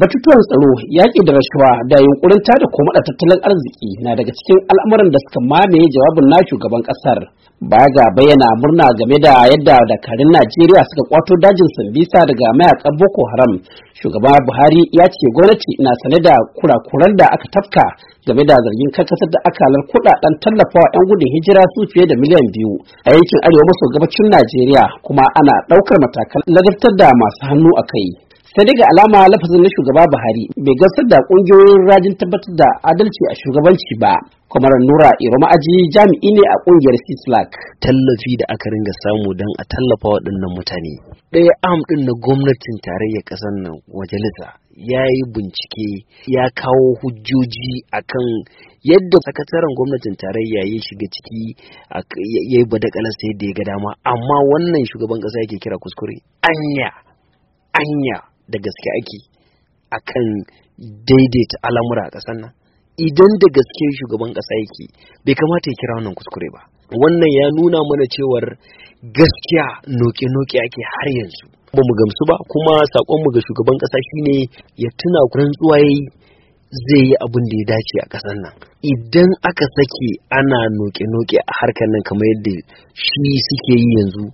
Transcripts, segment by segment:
Batutuwan tsaro, yaƙi da rashawa da yunkurin tada koma da tattalin arziki na daga cikin al'amuran da suka mamaye jawabin na shugaban ƙasar. Baya ga bayyana murna game da yadda dakarun Najeriya suka kwato dajin Sambisa daga mayakan Boko Haram, shugaban Buhari ya ce gwamnati na sane da kurakuran da aka tafka game da zargin karkasar da akalar kuɗaɗen tallafawa 'yan gudun hijira su fiye da miliyan biyu a yankin arewa maso gabacin Najeriya kuma ana ɗaukar matakan ladabtar da masu hannu a kai. sai daga alama lafazin na shugaba buhari bai gasar da kungiyoyin rajin tabbatar da adalci a shugabanci ba kamar nura iroma aji jami'i ne a kungiyar sislak tallafi da aka ringa samu don a tallafa waɗannan mutane ɗaya am ɗin na gwamnatin tarayya ƙasar nan majalisa ya yi bincike ya kawo hujjoji akan yadda sakataren gwamnatin tarayya ya shiga ciki ya yi badakalar sai da ya ga dama amma wannan shugaban ƙasa yake kira kuskure anya anya da gaske ake a kan daidaita al'amura a ƙasar nan idan da gaske shugaban ƙasa yake bai kamata ya kira wannan kuskure ba wannan ya nuna mana cewar gaskiya noke-noke ake har yanzu ba mu gamsu ba kuma sakon mu ga shugaban ƙasa shine ya tuna rantsuwa yayi zai yi abin da ya dace a ƙasar nan idan aka sake ana noke-noke a harkar nan kamar yadda shi suke yi yanzu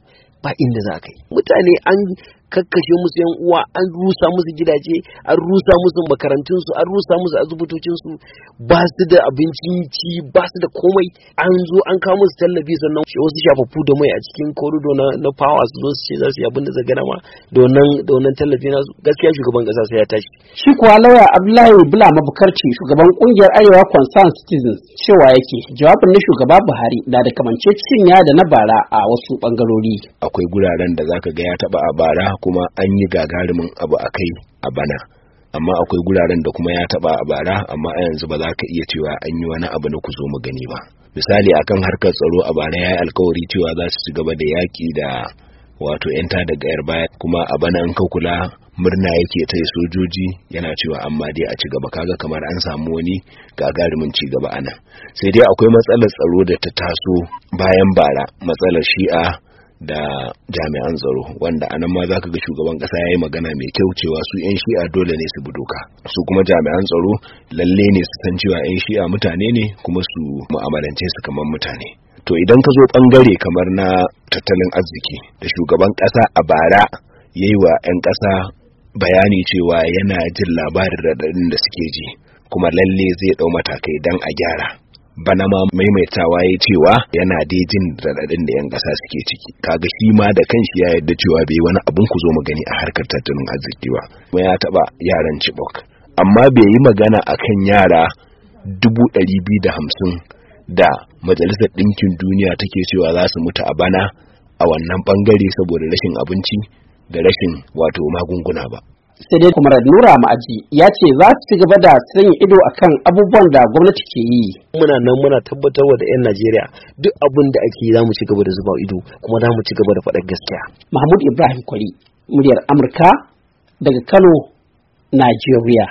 ba inda za ka yi mutane an kakkashe musu yan uwa an rusa musu gidaje an rusa musu makarantunsu an rusa musu asibitocinsu ba su da abincin ci ba su da komai an zo an kawo musu tallafi sannan wasu shafaffu da mai a cikin korido na na power su zo su ce za su yi abin da zaga ma donan donan da wannan tallafi na gaskiya shugaban kasa sai ya tashi shi kuwa lauya Abdullahi Bula Mabukarci shugaban kungiyar Arewa Concerned Citizens cewa yake jawabin na shugaba Buhari na da cinya da na bara a wasu bangarori akwai guraren da zaka ga ya taba a bara kuma an yi gagarumin abu a kai a bana amma akwai guraren da kuma ya taba a bara amma a yanzu ba za ka iya cewa an yi wani abu na ku zo mu gani ba misali akan harkar tsaro a bara ya yi alkawari cewa za su ci gaba da yaƙi da wato yanta daga 'yar baya kuma a bana an kula murna yake ta sojoji yana cewa amma dai a ci gaba kaga kamar an samu wani gagarumin ci gaba anan. sai dai akwai matsalar tsaro da ta taso bayan bara matsalar shi'a da jami'an tsaro wanda anan ma zaka ga shugaban kasa ya yi magana mai kyau cewa su 'yan shi'a dole ne su bi doka su kuma jami'an tsaro lalle ne su san cewa 'yan shi'a mutane ne kuma su mu'amalance su kamar mutane to idan ka zo bangare kamar na tattalin arziki da shugaban kasa a bara ya yi wa 'yan kasa bayani cewa yana jin labarin raɗaɗin da suke ji kuma lalle zai ɗau matakai dan a gyara bana ma maimaitawa ya cewa yana dejin raɗaɗin da 'yan ƙasa suke ciki kaga shi ma da kanshi ya yarda cewa bai wani abun ku zo mu gani a harkar tattalin arziki ba kuma ya taɓa yaran cibok amma bai yi magana akan yara dubu ɗari biyu da hamsin da majalisar ɗinkin duniya take cewa za su mutu a bana a wannan ɓangare saboda rashin abinci da rashin wato magunguna ba sai dai kuma nura ma'aji ya ce za su ci gaba da sanya ido akan abubuwan da gwamnati ke yi muna nan muna tabbatarwa da 'yan najeriya duk abin da ake yi za mu ci gaba da zuba ido kuma za mu ci gaba da faɗar gaskiya mahmud ibrahim kwari muryar amurka daga kano najeriya